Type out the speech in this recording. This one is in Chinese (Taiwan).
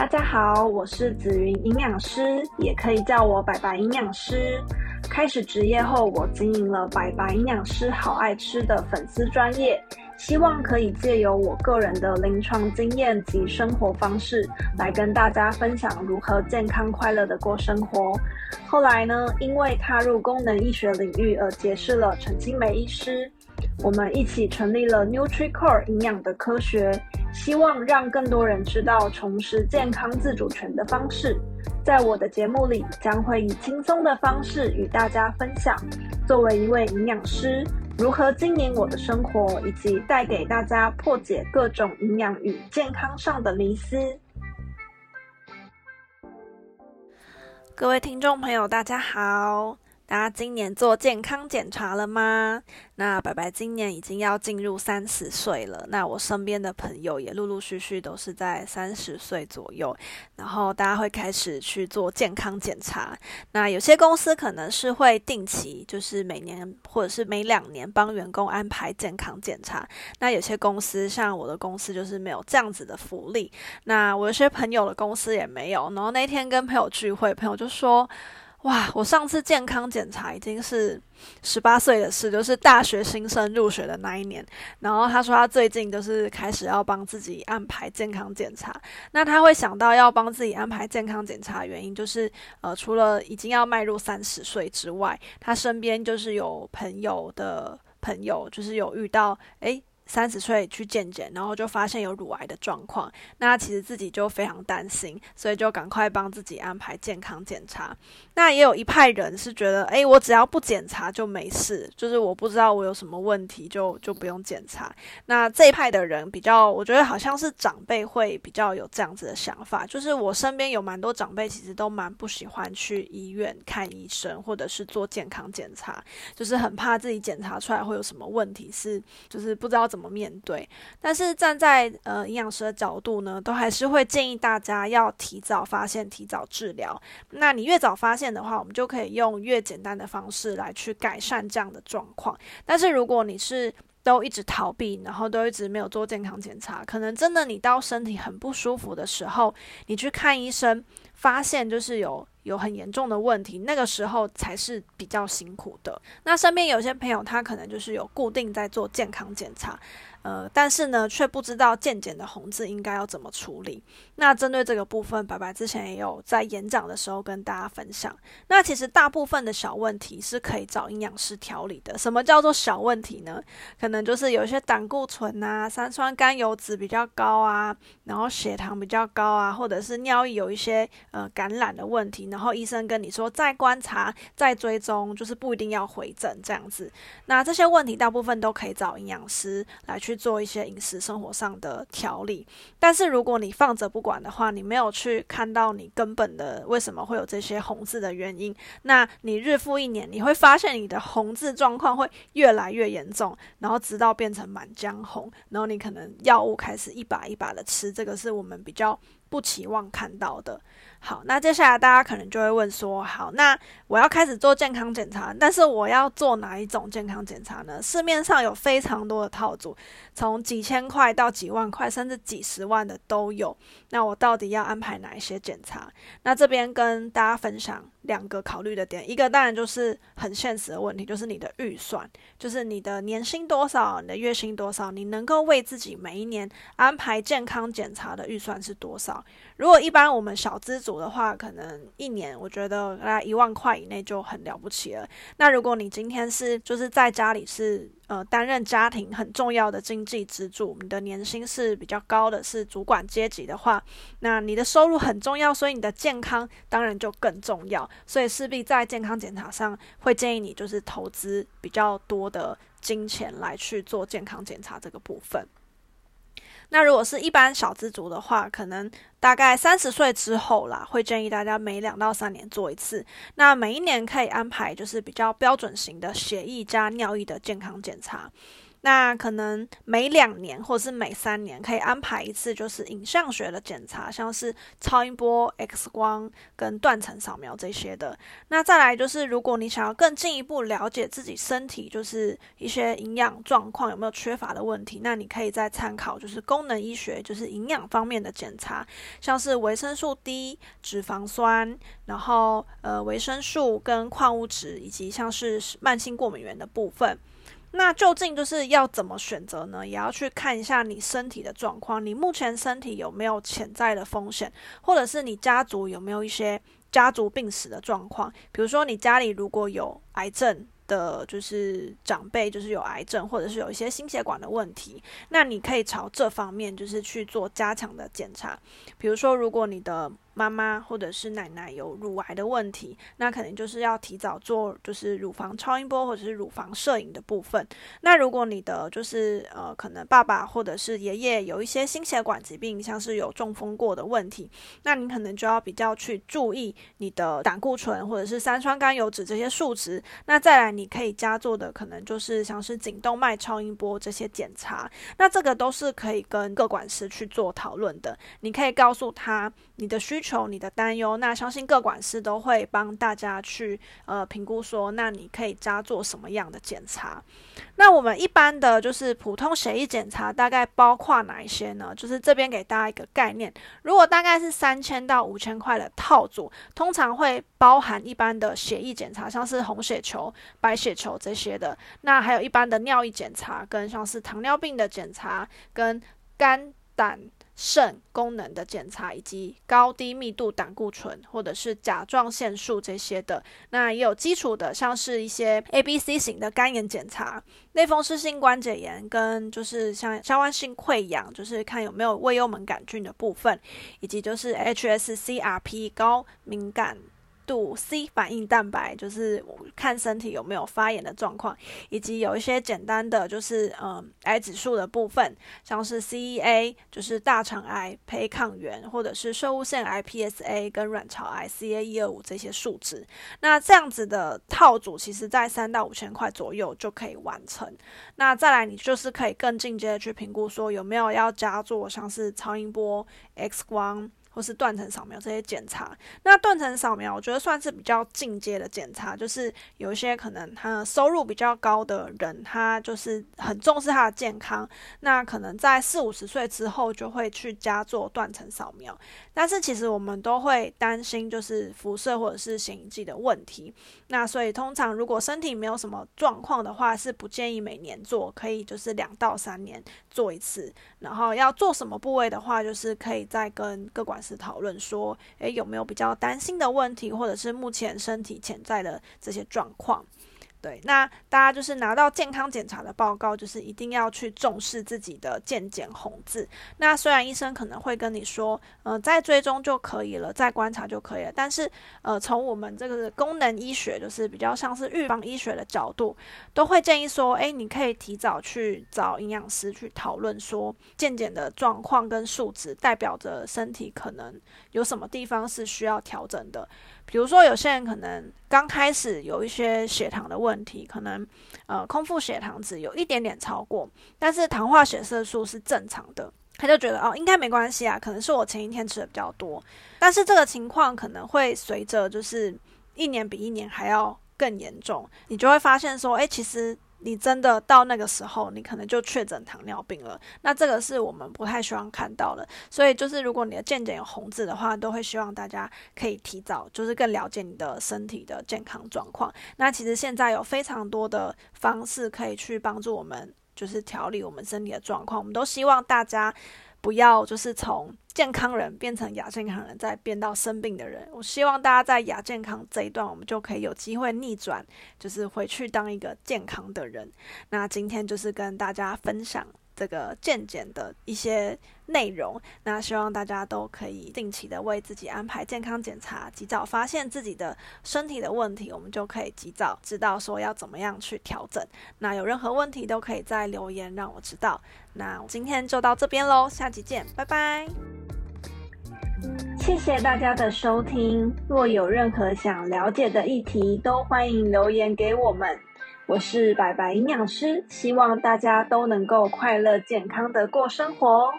大家好，我是紫雲營養師，也可以叫我白白營養師。開始職業後，我經營了“白白營養師好愛吃的粉絲專頁”，希望可以借由我個人的臨床經驗及生活方式，來跟大家分享如何健康快樂的過生活。後來呢，因為踏入功能醫學領域而結識了陳青梅醫師，我們一起成立了 NutriCore 營養的科學。希望讓更多人知道重拾健康自主權的方式。在我的節目裡，將會以輕鬆的方式與大家分享。作為一位營養師，如何經營我的生活，以及帶給大家破解各種營養與健康上的迷思。各位聽眾朋友，大家好。大家，啊，今年做健康檢查了嗎？那白白今年已經要進入三十歲了。那我身邊的朋友也陸陸續續都是在三十歲左右，然後大家會開始去做健康檢查。那有些公司可能是會定期，就是每年或者是每兩年幫員工安排健康檢查。那有些公司像我的公司就是沒有這樣子的福利。那我有些朋友的公司也沒有。然後那天跟朋友聚會，朋友就說。哇，我上次健康檢查已經是十八歲的事，是就是大學新生入學的那一年。然後他說他最近就是開始要幫自己安排健康檢查。那他會想到要幫自己安排健康檢查的原因，就是呃，除了已經要邁入三十歲之外，他身邊就是有朋友的朋友，就是有遇到誒。三十歲去健檢，然後就發現有乳癌的狀況，那其實自己就非常擔心，所以就趕快幫自己安排健康檢查。那也有一派人是覺得，哎、欸，我只要不檢查就沒事，就是我不知道我有什麼問題就就不用檢查。那這一派的人比較，我覺得好像是長輩會比較有這樣子的想法，就是我身邊有蠻多長輩其實都蠻不喜歡去醫院看醫生或者是做健康檢查，就是很怕自己檢查出來會有什麼問題，是就是不知道怎麼。怎麼面對？但是站在呃營養師的角度呢，都還是會建議大家要提早發現、提早治療。那你越早發現的話，我們就可以用越簡單的方式來去改善這樣的狀況。但是如果你是都一直逃避，然後都一直沒有做健康檢查，可能真的你到身體很不舒服的時候，你去看醫生，發現就是有。有很嚴重的問題，那個時候才是比較辛苦的。那身邊有些朋友，他可能就是有固定在做健康檢查。呃，但是呢，卻不知道健檢的紅字應該要怎麼處理。那針對這個部分，白白之前也有在演講的時候跟大家分享。那其實大部分的小問題是可以找營養師調理的。什麼叫做小問題呢？可能就是有一些膽固醇啊、三酸甘油脂比較高啊，然後血糖比較高啊，或者是尿液有一些呃感染的問題，然後醫生跟你說再觀察、再追蹤，就是不一定要回診這樣子。那這些問題大部分都可以找營養師來去。去做一些飲食生活上的調理，但是如果你放着不管的話，你沒有去看到你根本的為什麼會有這些紅字的原因，那你日復一年，你會發現你的紅字狀況會越來越嚴重，然後直到變成滿江紅，然後你可能藥物開始一把一把的吃，這個是我們比較不期望看到的。好，那接下來大家可能就會問說：好，那我要開始做健康檢查，但是我要做哪一種健康檢查呢？市面上有非常多的套組，從幾千塊到幾萬塊，甚至幾十萬的都有。那我到底要安排哪一些檢查？那這邊跟大家分享兩個考慮的點，一個當然就是很現實的問題，就是你的預算，就是你的年薪多少，你的月薪多少，你能夠為自己每一年安排健康檢查的預算是多少？如果一般我們小資。主的話，可能一年，我覺得大概一萬塊以內就很了不起了。那如果你今天是就是在家裡是呃擔任家庭很重要的經濟支柱，你的年薪是比較高的，是主管階級的話，那你的收入很重要，所以你的健康當然就更重要，所以勢必在健康檢查上會建議你就是投資比較多的金錢來去做健康檢查這個部分。那如果是一般小資族的話，可能大概三十歲之後啦，會建議大家每兩到三年做一次。那每一年可以安排就是比較標準型的血液加尿液的健康檢查。那可能每兩年或者是每三年可以安排一次，就是影像學的檢查，像是超音波、X 光跟斷層掃描這些的。那再來就是，如果你想要更進一步了解自己身體，就是一些營養狀況有沒有缺乏的問題，那你可以再參考就是功能醫學，就是營養方面的檢查，像是維生素 D、脂肪酸，然後呃維生素跟礦物質，以及像是慢性過敏原的部分。那究竟就是要怎麼選擇呢？也要去看一下你身體的狀況，你目前身體有沒有潛在的風險，或者是你家族有沒有一些家族病史的狀況？比如說你家裡如果有癌症的，就是長輩就是有癌症，或者是有一些心血管的問題，那你可以朝這方面就是去做加強的檢查。比如說，如果你的媽媽或者是奶奶有乳癌的問題，那可能就是要提早做，就是乳房超音波或者是乳房攝影的部分。那如果你的，就是呃，可能爸爸或者是爺爺有一些心血管疾病，像是有中風過的問題，那你可能就要比較去注意你的膽固醇或者是三酸甘油酯這些數值。那再來，你可以加做的可能就是像是頸動脈超音波這些檢查。那這個都是可以跟各管師去做討論的。你可以告訴他你的需求。求你的擔憂，那相信個管師都會幫大家去呃評估說，說那你可以加做什麼樣的檢查？那我們一般的就是普通血液檢查，大概包括哪一些呢？就是這邊給大家一個概念，如果大概是三千到五千塊的套組，通常會包含一般的血液檢查，像是紅血球、白血球這些的，那還有一般的尿液檢查，跟像是糖尿病的檢查，跟肝膽腎功能的檢查，以及高低密度膽固醇或者是甲狀腺素這些的，那也有基礎的，像是一些 A、B、C 型的肝炎檢查，類風濕性關節炎跟就是像消化性潰瘍，就是看有沒有胃幽門桿菌的部分，以及就是 HSCRP 高敏感度 C 反應蛋白，就是看身體有沒有發炎的狀況，以及有一些簡單的就是嗯癌指數的部分，像是 CEA 就是大腸癌胚抗原，或者是攝護腺癌 PSA 跟卵巢癌，癌，癌 CA 一二五這些數值。那這樣子的套組，其實在三到五千塊左右就可以完成。那再來，你就是可以更進階的去評估，說有沒有要加做像是超音波、X 光。或是斷層掃描這些檢查，那斷層掃描我覺得算是比較進階的檢查，就是有一些可能他收入比較高的人，他就是很重視他的健康，那可能在四五十歲之後就會去加做斷層掃描。但是其實我們都會擔心就是輻射或者是顯影劑的問題，那所以通常如果身體沒有什麼狀況的話，是不建議每年做，可以就是兩到三年做一次。然後要做什麼部位的話，就是可以再跟各管。是討論說，哎、欸，有沒有比較擔心的問題，或者是目前身體潛在的這些狀況。對，那大家就是拿到健康檢查的報告，就是一定要去重視自己的健檢紅字。那雖然醫生可能會跟你說，呃，再追蹤就可以了，再觀察就可以了，但是，呃，從我們這個功能醫學，就是比較像是預防醫學的角度，都會建議說，哎、欸，你可以提早去找營養師去討論說健，健檢的狀況跟數值代表着身體可能有什麼地方是需要調整的。比如說，有些人可能剛開始有一些血糖的問題。問題可能，呃，空腹血糖值有一點點超過，但是糖化血色素是正常的，他就覺得哦，應該沒關係啊，可能是我前一天吃的比較多，但是這個情況可能會隨着就是一年比一年還要更嚴重，你就會發現說，哎、欸，其實。你真的到那個時候，你可能就確診糖尿病了。那這個是我們不太希望看到的。所以就是，如果你的健檢有紅字的話，都會希望大家可以提早，就是更了解你的身體的健康狀況。那其實現在有非常多的方式可以去幫助我們，就是調理我們身體的狀況。我們都希望大家。不要就是從健康人變成亞健康人，再變到生病的人。我希望大家在亞健康這一段，我們就可以有機會逆轉，就是回去當一個健康的人。那今天就是跟大家分享。這個健檢的一些內容，那希望大家都可以定期的為自己安排健康檢查，及早發現自己的身體的問題，我們就可以及早知道說要怎麼樣去調整。那有任何問題都可以在留言讓我知道。那今天就到這邊嘍，下期見，拜拜！謝謝大家的收聽，若有任何想了解的議題，都歡迎留言給我們。我是白白營養師，希望大家都能夠快樂健康的過生活哦。